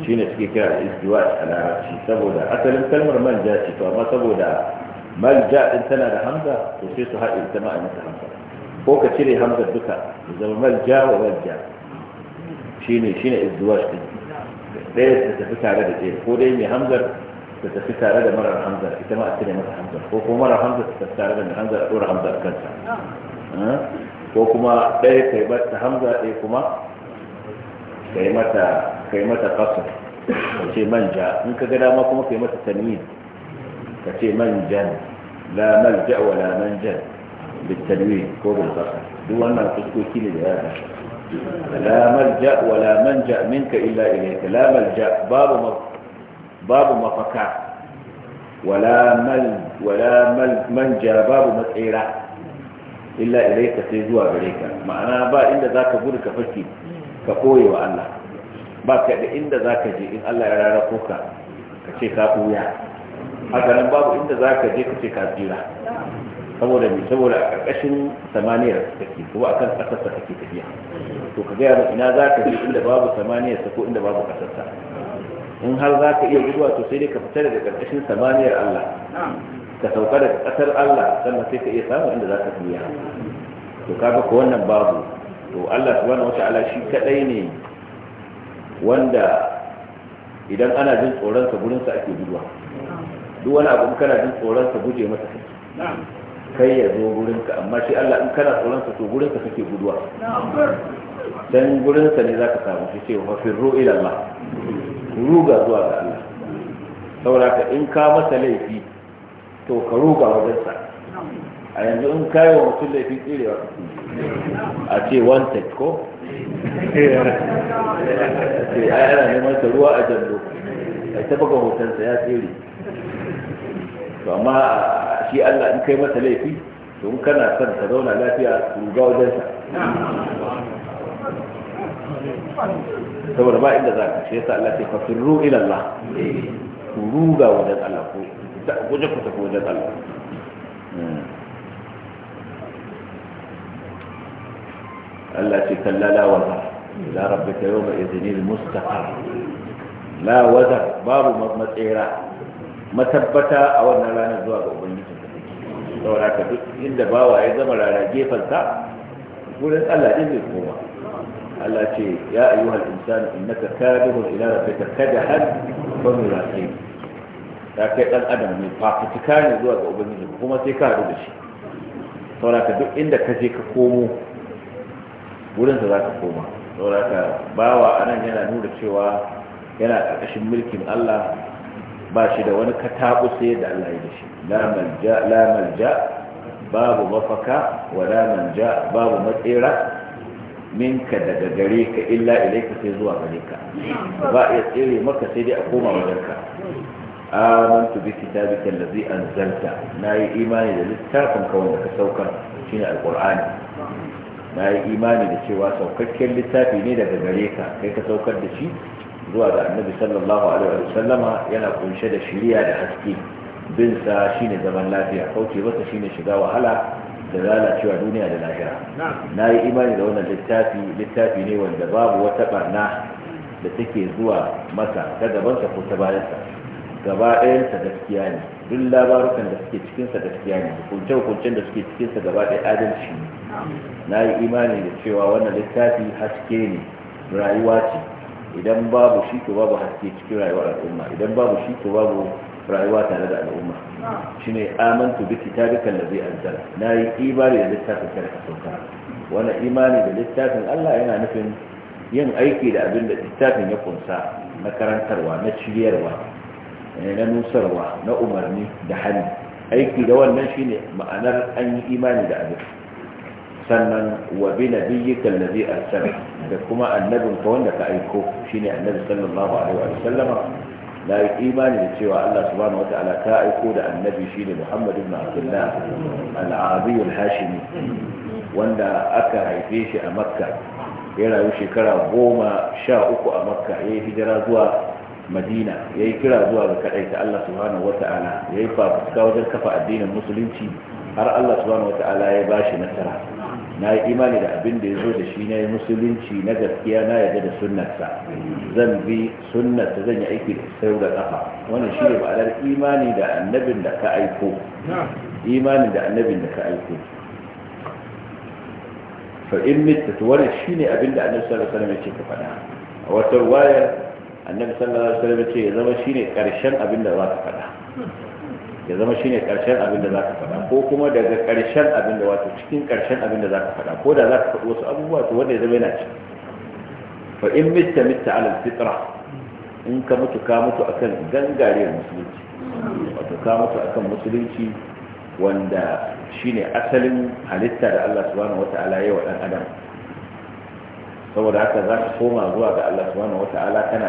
shi ne suke kira da istiwa a larabci saboda asalin kalmar manja ce to amma saboda malja din tana da hamza to sai su haɗe ita ma'anin ta hamza ko ka cire hamza duka ya zama malja wa malja shi shi ne ɗaya ta tafi tare da ɗaya ko dai mai hamzar ta tafi tare da marar hamzar ita ma a cire mata hamzar ko kuma marar hamzar ta tafi tare da mai hamzar a ɗora hamzar kansa ah, ko kuma ɗaya kai mata hamza ɗaya kuma kai mata kai mata kasar ka ce manja in ka ga dama kuma kai mata tanwin ka ce manjan la malja wa la manjan bitanwin ko bil kasar duk wannan fuskoki ne da yara لا ملجأ ولا منجأ منك إلا إليك لا ملجأ باب باب مفكا ولا مل ولا مل منجا باب مسيرة إلا إليك سيزوا إليك معناه با إن ذاك بورك فكي كقوي وأنا ba ka da za ka je in Allah ya rarrafo ka ka ce ka ɓuya haka nan babu za ka ce ka tsira saboda mai saboda a ƙarƙashin samaniyar take kuma akan ƙasarsa take tafiya to ka gaya ina za ka je inda babu samaniyar ta ko inda babu kasarta in har za ka iya guduwa to sai dai ka fita daga ƙarƙashin samaniyar Allah ka sauka daga ƙasar Allah sannan sai ka iya samun inda za ka biya to kaga ko wannan babu to Allah subhanahu wata'ala shi kadai ne wanda idan ana jin tsoron sa gurin sa ake guduwa duk wani abu kana jin tsoron sa guje masa kai kai ya zo gurin ka amma shi Allah in kana tsoron sa to gurin ka kake guduwa dan gurin sa ne zaka samu shi ce wa firru ila Allah ruga zuwa ga Allah saboda ka in ka masa laifi to ka ruga wajen sa a yanzu in ka yi wa mutum laifin tsirewa a ce wanted ko ce ai ana neman sa ruwa a jallo ai ta baka hotonsa ya tsere to amma shi Allah in kai masa laifi to in kana son ka zauna lafiya ruga wajen sa saboda ba inda za ka shi yasa Allah ce fafirru ila Allah ku ruga wajen Allah ku guje ku tafi wajen Allah hmm. Allah ce kalla la waza ila rabbika yawma idhin al-mustaqar la waza babu matsera matabbata a wannan ranar zuwa ga ubangiji saboda ka duk inda bawa ya zama rara gefansa gurin Allah din zai koma Allah ce ya ayyuhal insanu innaka kadihun ila rabbika kadahan fa mulaqi ta kai dan adam ne fafutuka ne zuwa ga ubangiji kuma sai ka haɗu da shi sauraka duk inda ka je ka komo wurin za ka koma sauraka bawa anan yana nuna cewa yana ƙarƙashin mulkin Allah ba shi da wani katabu sai yadda Allah ya da shi la malja babu mafaka wa la manja babu matsira minka daga gare ka illa ilaika sai zuwa gare ka ba iya tsere maka sai dai a koma wajen ka amantu bi an allazi na nayi imani da littafin ka wanda ka saukar al'kur'ani na nayi imani da cewa saukakken littafi ne daga gare ka kai ka saukar da shi zuwa ga annabi sallallahu alaihi wa sallama yana kunshe da shiriya da haske bin sa shine zaman lafiya kauce masa shine shiga wahala da lalacewa duniya da lahira na yi imani da wannan littafi littafi ne wanda babu wata barna da take zuwa masa ta gabansa ko ta bayansa gaba ɗayansa gaskiya ne duk labarukan da suke cikinsa gaskiya ne hukunce hukuncen da suke cikinsa gaba ɗaya adalci ne na yi imani da cewa wannan littafi haske ne rayuwa ce idan babu shi to babu haske cikin rayuwar al'umma idan babu shi to babu rayuwa tare da al'umma ne amantu bi kitabika allazi anzala na yi imani da littafin ka sauka Wani imani da littafin Allah yana nufin yin aiki da abin da littafin ya kunsa na karantarwa na ciyarwa eh, na nusarwa na umarni da hali aiki da wannan ne ma'anar an yi imani da abin sannan wa bi nabiyyika allazi arsala da kuma annabinka wanda ka aiko shine annabi sallallahu alaihi wa sallama na yi imani da cewa Allah subhanahu wa ta'ala ta aiko da annabi ne Muhammad ibn Abdullah al-Arabi hashimi wanda aka haife shi a Makka ya rayu shekara goma sha uku a Makka ya yi hijira zuwa Madina ya yi kira zuwa ga kaɗai ta Allah subhanahu wa ta'ala ya yi fafuska wajen kafa addinin musulunci har Allah subhanahu wa ta'ala ya ba shi nasara na yi imani da abin da ya zo da shi na yi musulunci na gaskiya na yarda da sunnarsa zan bi sunnarsa zan yi aiki da sau da kafa wannan shi ne ba'adar imani da annabin da ka aiko imanin da annabin da ka aiko fa in mitta to shi ne abin da annabi sallallahu alaihi wasallam yake faɗa a wata wayar annabi sallallahu alaihi wasallam ce ya zama shine karshen abin da za ka faɗa ya zama shine karshen abin da za ka faɗa ko kuma daga karshen abin da wato cikin karshen abin da za ka faɗa ko da za ka faɗi wasu abubuwa to wanda ya zama yana ci fa in mitta mitta ala fitra in ka mutu ka mutu akan gangariyar musulunci wato ka mutu akan musulunci wanda shine asalin halitta da Allah subhanahu wataala ya wa dan adam saboda haka za ka koma zuwa ga Allah subhanahu wata'ala kana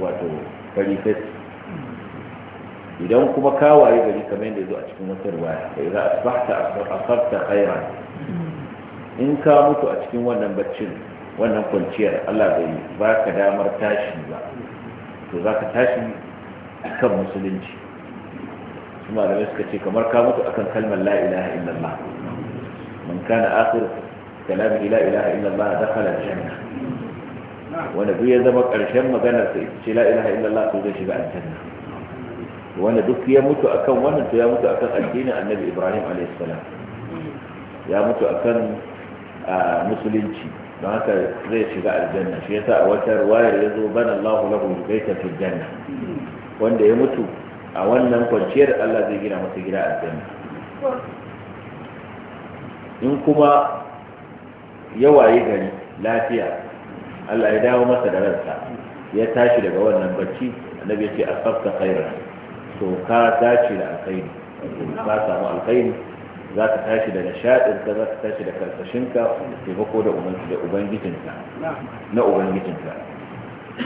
wato fari idan kuma ka waye gari kamar yadda zo a cikin wata riwaya da idza asbahta asabta khairan in ka mutu a cikin wannan baccin wannan kwanciyar Allah bai ba ka damar tashi ba to za ka tashi kan musulunci su malamai suka ce kamar ka mutu akan kalmar la ilaha illallah man kana akhiru kalami la ilaha illallah dakhala aljanna wanda duk ya zama karshen maganar sa ce la ilaha illallah to zai shiga aljanna wanda duk ya mutu akan wannan to ya mutu akan addinin annabi ibrahim alayhi salam ya mutu akan musulunci don haka zai shiga aljanna shi yasa a wata ruwayar ya zo bana Allahu lahu baita fil janna wanda ya mutu a wannan kwanciyar Allah zai gina masa gida aljanna in kuma ya waye gari lafiya Allah ya dawo masa da ransa ya tashi daga wannan bacci annabi ya ce asabta khairan to ka dace da alkhairi ka samu alkhairi za ka tashi da nishaɗin ka za ka tashi da karsashinka da taimako da ubangijinka na ubangijinka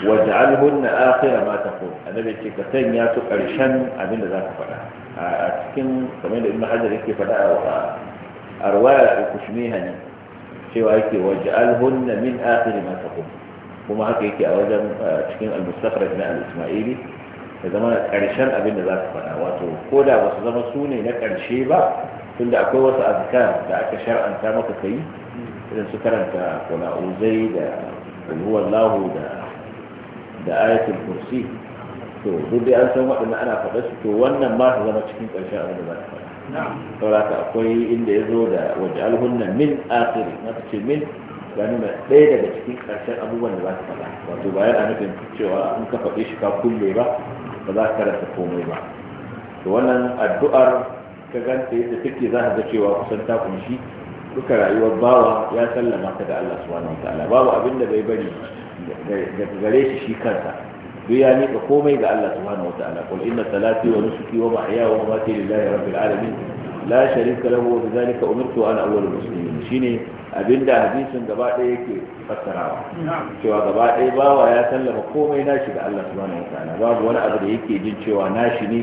wajen alhun na akira ma ta annabi ce ka sanya su ƙarshen abin da za ka faɗa a cikin kamar da ibn hajar yake faɗa a arwaya al-kushmiha ne cewa yake waje alhunna min akhiri ma kuma haka yake a wajen cikin al-mustakhraj na al-isma'ili ya zama karshen abin da za su faɗa wato ko da ba su zama su ne na karshe ba tunda akwai wasu azkar da aka shar'anta maka yi irin su karanta kula uzai da huwallahu da da ayatul kursi to duk dai an san waɗannan ana faɗa su to wannan ma su zama cikin ƙarshen abin da za su faɗa sauraka akwai inda ya zo da waje alhunna min asiri na ce min ya nuna ɗaya daga cikin karshen abubuwan da za ka faɗa wato ba yana nufin cewa in ka faɗi shi ka kulle ba ba za ka rasa komai ba to wannan addu'ar ka ganta yadda take za ka ga cewa kusan ta kunshi duka rayuwar bawa ya sallama ka da Allah subhanahu wa ta'ala babu abin da bai bari gare shi shi kansa duk ya nika komai ga Allah subhanahu wataala qul inna salati wa nusuki wa mahyaya wa mamati lillahi rabbil alamin la sharika lahu wa bidhalika umirtu ana awwalul muslimin shine abinda hadisin gaba daya yake fassarawa cewa gaba daya bawa ya sallama komai nashi ga Allah subhanahu wataala babu wani abu da yake jin cewa nashi ne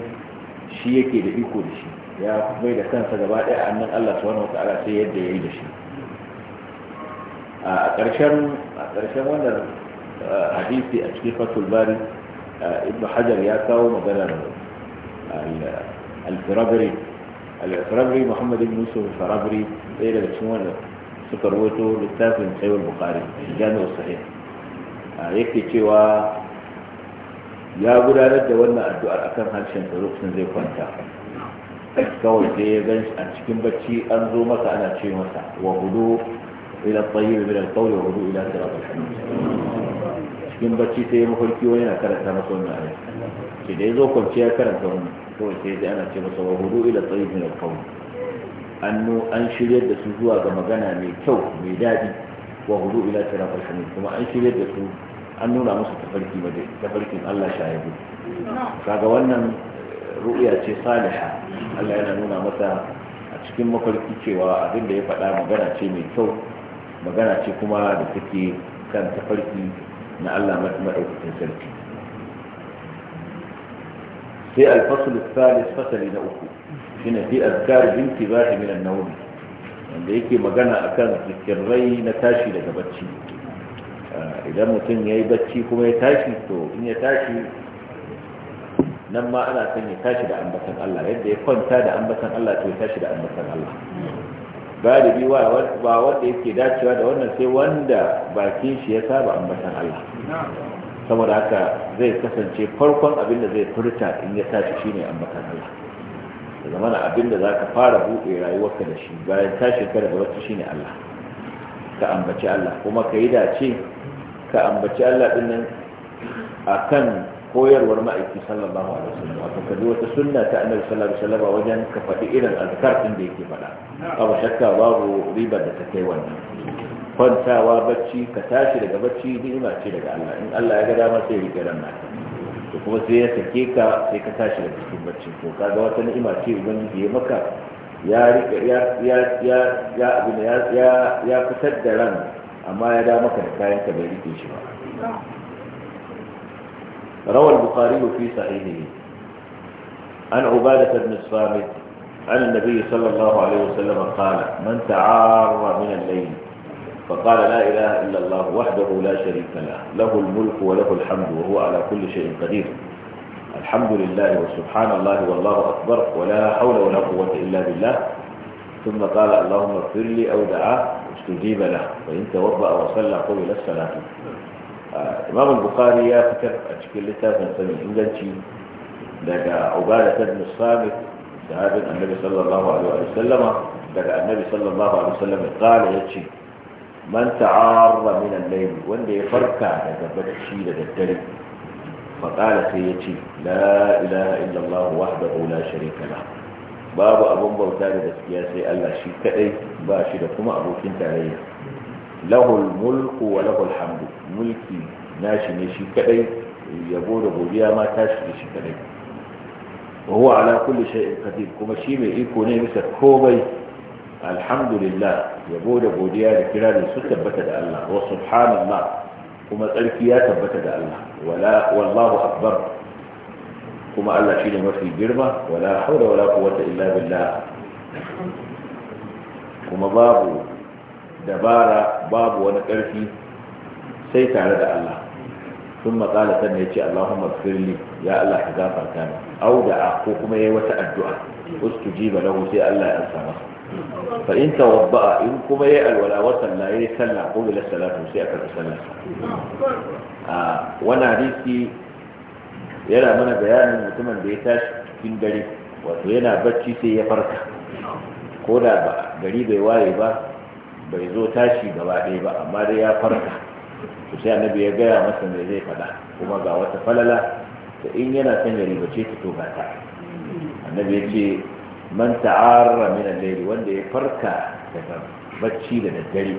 shi yake da iko da shi ya mai da kansa gaba daya annan Allah subhanahu wataala sai yadda yayi da shi a ƙarshen a ƙarshen wannan حديث أشريفة الباري آه، ابن حجر ياسا ومدنى آه، الفرابري الفرابري محمد بن يوسف الفرابري بيلا بشمون آه، سكرويته للتاف من سيو البخاري الجانب الصحيح يكي تشيوا يا بلا رد وانا الدعاء أكام هالشان تروك سنزيف وانتا كون سي بنش أنشكين بتشي أنظومة أنا تشيوا وهدوء إلى الطيب من القول وهدوء إلى سراط الحمد cikin bacci sai ya mafarki wani yana karanta masa wani ayat shi da ya zo kwanciya karanta wani kawai sai da ana ce masa wa hudu ila tsayin alqawl an an shiryar da su zuwa ga magana mai kyau mai daɗi wa hudu ila tsira farshani kuma an shiryar da su an nuna musu tafarki maje tafarkin Allah shahidu kaga wannan ru'ya ce salisha Allah yana nuna masa a cikin mafarki cewa abin da ya faɗa magana ce mai kyau magana ce kuma da take kan tafarki na Allah maɗaukakin sarki sai alfasul salis fasali na uku shine fi azkar bin kibahi min an-nawm wanda yake magana akan rai na tashi daga bacci ah, idan mutum yayi bacci kuma ya tashi to in ya tashi nan ma ana son ya tashi da ambatan Allah yadda ya kwanta da ambatan Allah to ya tashi da ambatan Allah galibi ba wanda yake dacewa da wannan sai wanda bakin shi ya saba ambatan Allah saboda haka zai kasance farkon abin da zai furta in ya tashi shine ambatan Allah da zamana abin da zaka fara buɗe rayuwarka da shi bayan tashi ka da wacce shine Allah ka ambaci Allah kuma ka yi dace ka ambaci Allah din nan akan koyarwar ma'aiki sallallahu alaihi wasallam wato ka ji wata sunna ta annabi sallallahu alaihi wasallam wajen ka faɗi irin azkar din da yake faɗa babu shakka babu ribar da ta kai wannan kwantawa bacci ka tashi daga bacci ni'ima ce daga Allah in Allah ya ga dama sai rike ran naka to kuma sai ya sake ka sai ka tashi daga cikin bacci to kaga wata ni'ima ce ubangiji ya maka ya rike ya ya ya ya abin ya ya fitar da ran amma ya da maka da kayan ka bai rike shi ba روى البخاري في صحيحه عن عبادة بن الصامت عن النبي صلى الله عليه وسلم قال من تعار من الليل فقال لا إله إلا الله وحده لا شريك له له الملك وله الحمد وهو على كل شيء قدير الحمد لله وسبحان الله والله أكبر ولا حول ولا قوة إلا بالله ثم قال اللهم اغفر لي أو دعاه استجيب له وإن توضأ وصلى قبل الصلاة imam bukhari ya fitar a cikin littafin sanin inganci daga ubada ta musamman sahabin annabi sallallahu alaihi wa sallam daga annabi sallallahu alaihi wa sallama qala ya ce man ta'arra min al-layl wanda ya farka daga barci da daddare fa kala sai ya ce la ilaha illa allah wahdahu la sharika lah babu abun bauta da gaskiya sai Allah shi kadai ba shi da kuma abokin tarayya lahul mulku wa lahul hamdu mulki nashi ne shi kadai yabo da godiya ma tashi ne shi kadai wa huwa ala kulli shay'in qadir kuma shi mai iko ne bisa komai alhamdulillah yabo da godiya da kirari su tabbata da Allah wa subhanallah kuma tsarki ya tabbata da Allah wala wallahu akbar kuma Allah shine mafi girma wala haula wala quwwata illa billah kuma babu dabara babu wani ƙarfi sai tare da Allah sun matsala sannan ya ce Allahumma firli ya Allah ka gafarta ni au da ko kuma yayi wata addu'a ustujiba lahu sai Allah ya amsa masa fa in in kuma yayi alwala wa sallah yayi sallah ko bila salatu sai a karɓi sallar a wani hadisi yana mana bayanin mutumin da ya tashi cikin dare wato yana bacci sai ya farka ko da ba gari bai waye ba bai zo tashi gaba ɗaya ba amma dai ya farka to sai annabi ya gaya masa me zai fada kuma ga wata falala to in yana son ya ribace ta to ba ta annabi ya ce man ta'arra min al-layli wanda ya farka daga bacci da daddare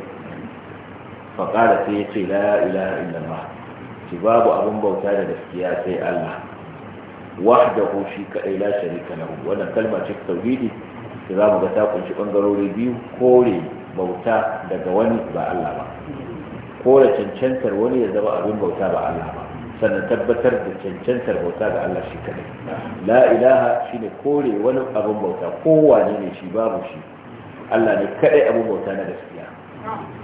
fa qala sai ya ce la ilaha illallah ki babu abun bauta da gaskiya sai Allah wahdahu shi kadai la sharika lahu wannan kalma ce tauhidi sai za mu ga ta kunshi bangarori biyu kore bauta daga wani ba Allah ba kora cancantar wani ya zama abin bauta ba Allah ba sannan tabbatar da cancantar bauta ga Allah shi kadai la ilaha shine kore wani abin bauta kowane ne shi babu shi Allah ne kadai abin bauta na gaskiya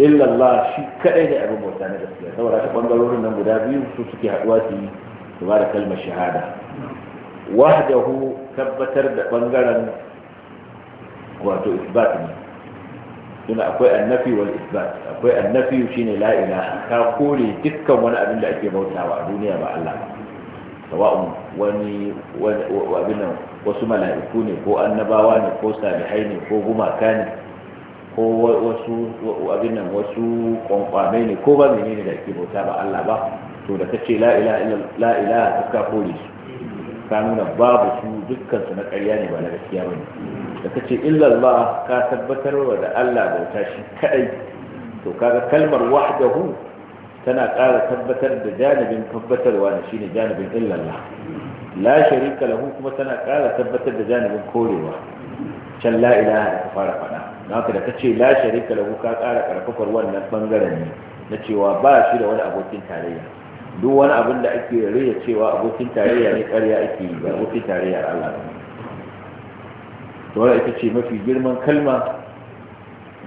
illa Allah shi kadai ne abin bauta na gaskiya saboda ta bangarorin nan guda biyu su suke haduwa su yi su ba da kalmar shahada wahdahu tabbatar da bangaren wato isbat ne suna akwai annafi wal isbat akwai annafi shine la ilaha ka kore dukkan wani abin da ake bautawa a duniya ba Allah sawa'un wani abin nan wasu mala'iku ne ko annabawa ne ko salihai ne ko gumaka ne ko wasu abin nan wasu kwankwamai ne ko ba menene da ake bauta ba Allah ba to da kace la ilaha la ilaha kore su ka nuna babu su dukkan su na ƙarya ne ba na gaskiya ne. da kace illallah ka tabbatar da Allah bauta shi kadai to kaga kalmar wahdahu tana ƙara tabbatar da janibin tabbatarwa da shine janibin illallah la sharika lahu kuma tana ƙara tabbatar da janibin korewa can la ilaha da ka fara faɗa don haka da kace la sharika lahu ka ƙara karfafar wannan bangaren ne na cewa ba shi da wani abokin tarayya duk wani abin da ake rayya cewa abokin tarayya ne ƙarya ake yi ba abokin tarayya Allah ne to ita ce mafi girman kalma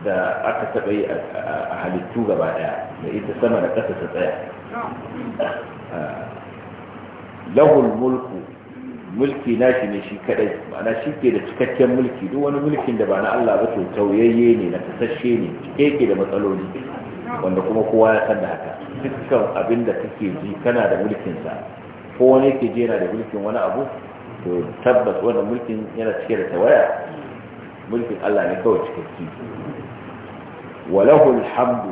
da aka taɓa yi a halittu gaba ɗaya da ita sama da ƙasa ta tsaya ah, lahul mulku mulki na shi ne shi kaɗai ma'ana shi ke da cikakken mulki duk wani mulkin da ba na Allah ba to tauyayye ne na kasashe ne cike ke da matsaloli wanda kuma kowa ya san da haka dukkan abin da kake ji kana da mulkin sa ko wani yake je yana da mulkin wani abu to tabbas wanda mulkin yana cike da tawaya mulkin Allah ne kawai cikakki walahu alhamdu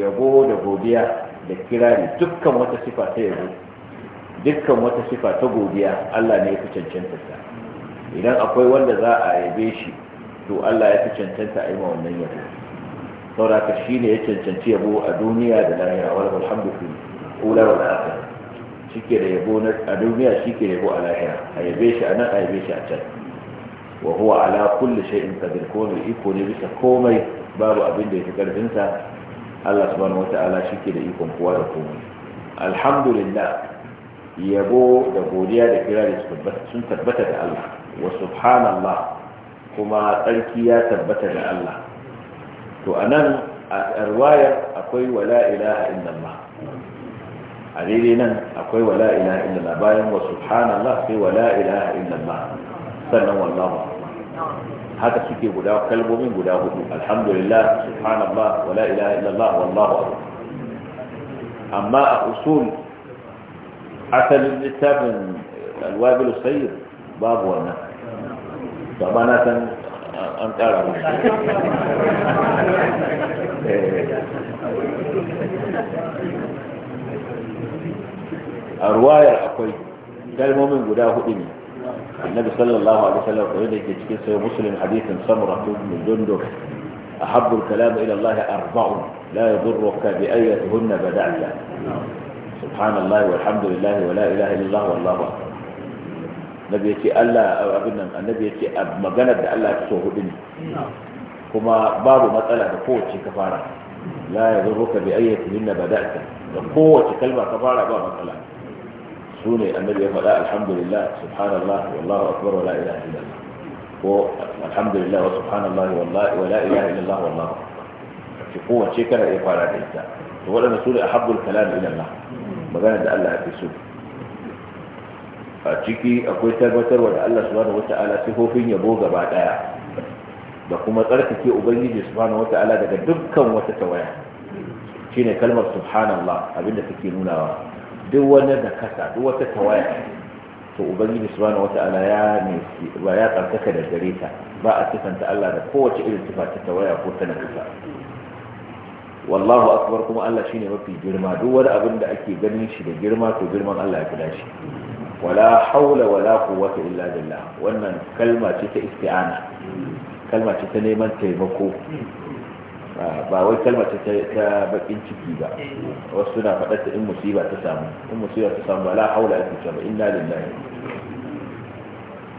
yabo da godiya da kirari dukkan wata sifa ta yabo dukkan wata sifa ta godiya Allah ne ya fi cancanta ta idan akwai wanda za a yabe shi to Allah ya fi cancanta a yi ma wannan yabo saboda ka shine ya cancanci yabo a duniya da lahira wal alhamdu fi ula wal akhirah shike da yabo a duniya shike da yabo a lahira a yabe shi a nan a yabe shi a can wa huwa ala kulli shay'in qadir ko iko ne bisa komai babu abin da yake karfin sa Allah subhanahu wataala shike da ikon kowa da komai alhamdulillah yabo da godiya da kirari sun tabbata da Allah wa subhanallah kuma tsarki ya tabbata da Allah to anan a riwayar akwai wala ilaha illallah حديثنا أقول ولا إله إلا الله بايم وسبحان الله في ولا إله إلا الله سنو الله هذا كيف يقول كلب من قلاه الحمد لله سبحان الله ولا إله إلا الله والله أكبر أما أصول أثل الكتاب الوابل السيد باب ونا طبعا نحن أنت أرى a ruwayar akwai kalmomin guda hudu ne annabi sallallahu alaihi wasallam da yake cikin sai muslim hadithin samra ibn jundub ahabbu al-kalam ila Allah arba'un la yadurruka bi ayyatihunna bada'ta wa la ilaha illallah wallahu nabi Allah abin nan annabi magana da Allah ta so hudu ne kuma babu matsala da kowace kafara la yadurruka bi ayyatihunna bada'ta da kowace kalma kafara ba matsala su ne annabi ya faɗa alhamdulillah subhanallah wallahu akbar wala ilaha illallah ko alhamdulillah wa subhanallah wallahi wala ilaha illallah wallahu ki kowace kana iya fara da ita to waɗanda su ne ahabbul kalam ila Allah magana da Allah ya so a ciki akwai tabbatarwa da Allah subhanahu wata'ala sifofin yabo gaba daya da kuma tsarkake ubangiji subhanahu wata'ala daga dukkan wata tawaya shine kalmar subhanallah abinda take nunawa duk wani da kasa duk wata tawaya to ubangiji subhanahu bani ya ne ya tsarkaka da gare ta ba a sifanta Allah da kowace irin sifa ta tawaya ko ta nakasa wallahu akbar kuma Allah shine mafi girma duk wani abin da ake ganin shi da girma to girman Allah ya kula shi wala haula wala quwwata illa billah wannan kalma ce ta isti'ana kalma ce ta neman taimako ba wai kalmar ta bakin ciki ba wasu suna faɗar ta in musiba ta samu in musiba ta samu ba la haula ake ce ba inna lillahi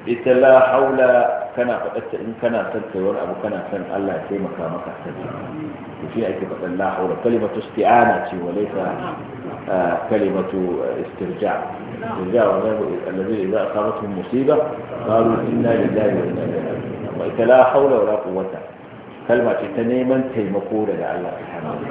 ita la haula kana faɗar ta in kana son kai wani abu kana son Allah ya taimaka maka ta ce shi ake faɗar la haula kalimatu isti'ana ce wa laysa kalimatu istirja istirja wa zai allazi idza asabatuhum musiba qalu inna lillahi wa inna ilaihi raji'un wa ita la haula wa la quwwata kalma ce ta neman taimako daga Allah subhanahu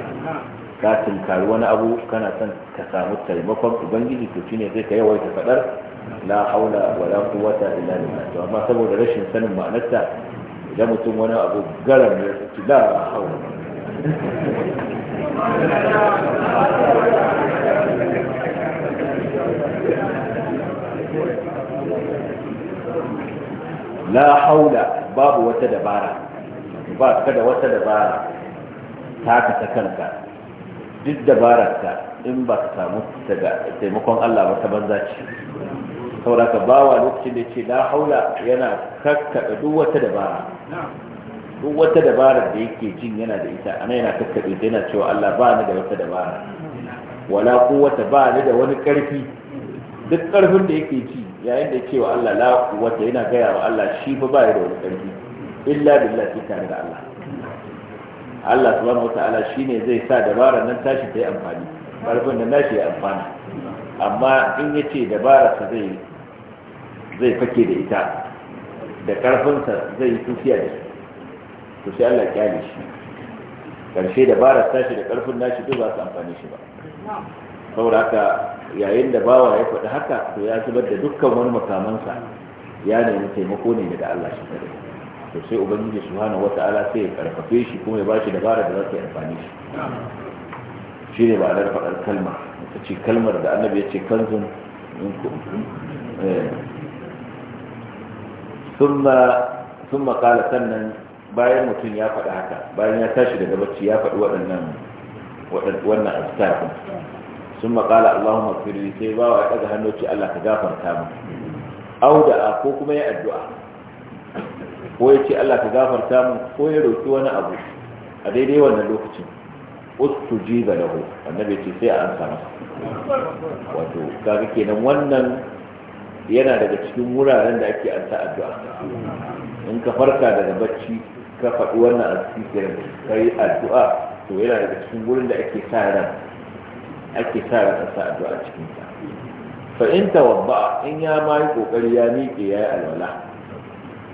ka tunkari wani abu kana son ka samu taimakon ubangiji to shine zai ka yawaita fadar la haula wala quwwata illa billah to amma saboda rashin sanin ma'anarta idan mutum wani abu garan ya ci la haula la haula babu wata dabara ba ka da wata dabara ta ka ta kanka duk dabararka in ba ka samu daga taimakon Allah ba ta banza ce saboda ka bawa lokacin da ce la haula yana kakkaɗa duk wata dabara duk wata dabara da yake jin yana da ita ana yana kakkaɓe da yana cewa Allah ba ni da wata dabara wala quwwata ba ni da wani ƙarfi duk ƙarfin da yake ci yayin da cewa Allah la quwwata yana gaya wa Allah shi fa ba da wani ƙarfi illa billah sai tare da Allah Allah subhanahu wata'ala shine zai sa dabara nan tashi ta yi amfani ƙarfin da nashi ya amfana amma in ya ce dabararsa zai zai fake da ita da ƙarfinsa zai yi tufiya da shi, to sai Allah kyale shi ƙarshe dabarar tashi da ƙarfin nashi duk ba su amfani shi ba saboda haka yayin da bawa ya faɗi haka to ya zubar da dukkan wani makamansa ya nemi taimako ne daga Allah shi kadai to sai ubangiji subhanahu wata'ala sai ya karfafe shi kuma ya bashi dabara da za ta yi amfani shi shi ne ba faɗar kalma ta ce kalmar da annabi ya ce kanzun sun eh. makala sannan bayan mutum ya faɗa haka bayan ya tashi daga bacci ya faɗi waɗannan wannan abstafin sun makala allahun mafiri sai bawa ya ɗaga hannu ce allah ka gafarta mu au da ko kuma ya addu'a ko ya ce Allah ka gafarta min ko ya roki wani abu a daidai wannan lokacin ustujiba lahu annabi ce sai a ansa wato kaga kenan wannan yana daga cikin wuraren da ake ansa addu'a in ka farka daga bacci ka faɗi wannan asirin kai addu'a to yana daga cikin wurin da ake sa ran ake sa ran ansa addu'a cikin sa fa in tawabba in ya ma yi kokari ya miƙe ya yi alwala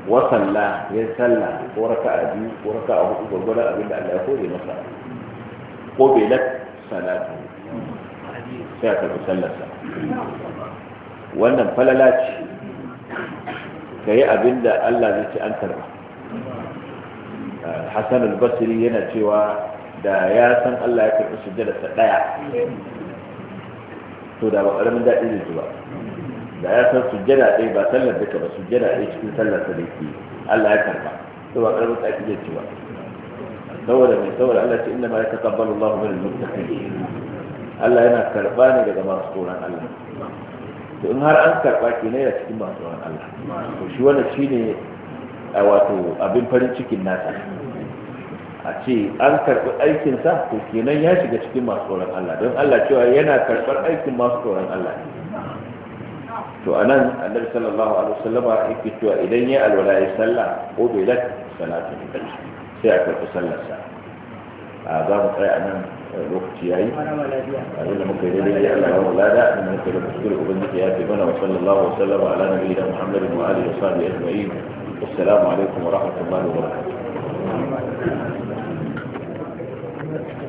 wa salla ya salla ko raka a biyu ko raka a hudu gwargwada abin da Allah ya kore masa ko bai lat salatu sai a karɓi sallarsa wannan falala ce ka yi abin da Allah zai ce an karɓa Hassan al-Basri yana cewa da ya san Allah ya karɓi sujjadarsa ɗaya to da ba ƙaramin daɗi ne ba da ya san sujjada ɗaya ba sallar duka ba sujjada ɗaya cikin sallar sa da ke Allah ya karba to ba karɓar ta kike cewa saboda mai saboda Allah ce inna ma ya taqabbalu Allahu min al-muttaqin Allah yana karba ne daga masu tsoron Allah to in har an karba ke ne da cikin masu tsoron Allah to shi wannan shine a wato abin farin cikin nasa a ce an karɓi aikinsa to kenan ya shiga cikin masu tsoron Allah don Allah cewa yana karɓar aikin masu tsoron Allah ne to anan annabi sallallahu alaihi wasallama yake cewa idan ya alwala ya salla ko bai da salatu ne sai a karɓi sa a za mu tsaya anan eh, lokaci yayi abin da muka yi daidai ya Allah ya wulada inda muka da kuskure ubangiji ya fi mana wa sallallahu alaihi wasallama ala da muhammadin wa ali wa sahbihi ajma'in assalamu alaikum wa rahmatullahi wa barakatuh